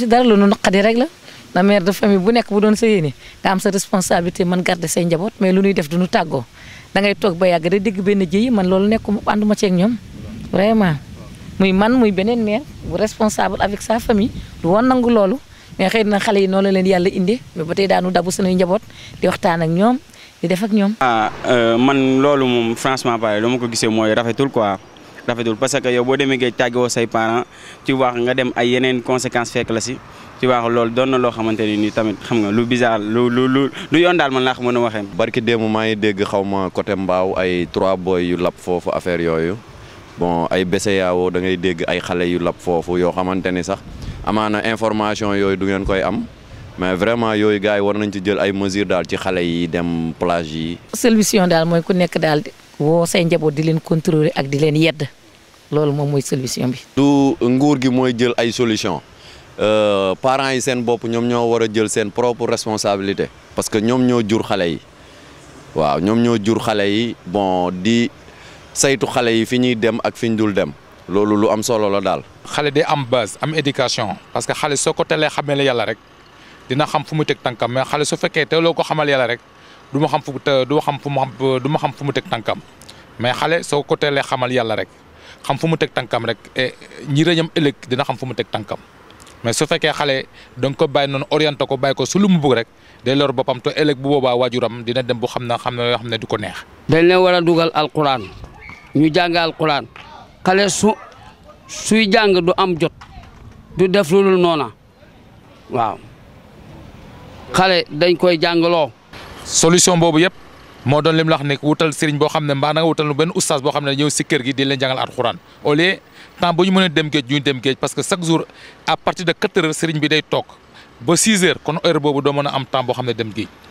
ci dara lu nu naqadi rek la na mère de famille bu nek bu doon sey ni nga am sa responsabilité man garder say njabot mais lu nuy def du nu taggo da ngay tok ba yag rek deg ben man mu anduma ci ak ñom vraiment muy man muy benen mère bu responsable avec sa famille du won nangu loolu mais xeyna xalé yi non la leen yalla indi mais batay daanu dabu sunuy njabot di waxtaan ak ñom di def ak ñom ah euh, man lolu mom franchement baye lu ko gisee moy rafetul quoi. rafetul parce que yow boo demee géej wo say parents ci wax nga dem ay yenen conséquences fekk la ci tu vois loolu doon na lo xamanteni ni tamit xam nga lu bizarre lu lu lu yondal man la xam na a waxee. barki démb maa ngi dégg xawma côté mbaw ay trois boy yu lab fofu affaire yoyu bon ay bese yawo da ngay dégg ay xalé yu lab fofu yo xamanteni sax amana information yoyu du ngeen koy am. mais vraiment yooyu gars war nañ ci jël ay mesures dal ci xalé yi dem plage yi. solution dal moy ku nekk daal wo say njaboot di len contrôler ak di len yedd. loolu moom mooy solution bi. du nguur gi mooy jël ay solution euh, parent yi seen bopp ñoom ñoo war a jël seen propre responsabilité parce que ñoom ñoo jur xale yi waaw ñoom ñoo jur xale yi bon di saytu xale yi fi ñuy dem ak fi ñu dul dem loolu lu am solo la daal. xale de am base am éducation parce que xale soo ko telee xamee yàlla rek dina xam fu mu teg tànkam mais xale su fekkee teeloo ko xamal yàlla rek du ma xam fu du ma xam fu mu du ma xam fu mu teg tànkam mais xale soo ko teelee xamal yàlla rek. xam fu mu teg tànkam rek et eh, ñi rëñam ëllëg dina xam fu mu teg tànkam mais su fekkee xale danga ko bàyyi noonu orienté ko bàyyi ko su lu mu bëgg rek day lor boppam te ëllëg bu boobaa waajuram dina dem bu xam na xam ne yoo xam ne du ko neex. dañ leen war a dugal alquran ñu jàng alquran xale su suy jàng du am jot du def lu noona waaw xale dañ koy jàngaloo. solution boobu yëpp. moo doon lim la wax ne wutal sëriñ boo xam ne mbaa na nga wutal benn oustaz boo xam ne ñëw si kër gi di leen jàngal alxuraan au lieu temps bu ñu mënee dem géej ñu dem géej parce que chaque jour à partir de quatre heures sëriñ bi day toog ba six heures kon heure boobu doo mën a am temps boo xam ne dem géej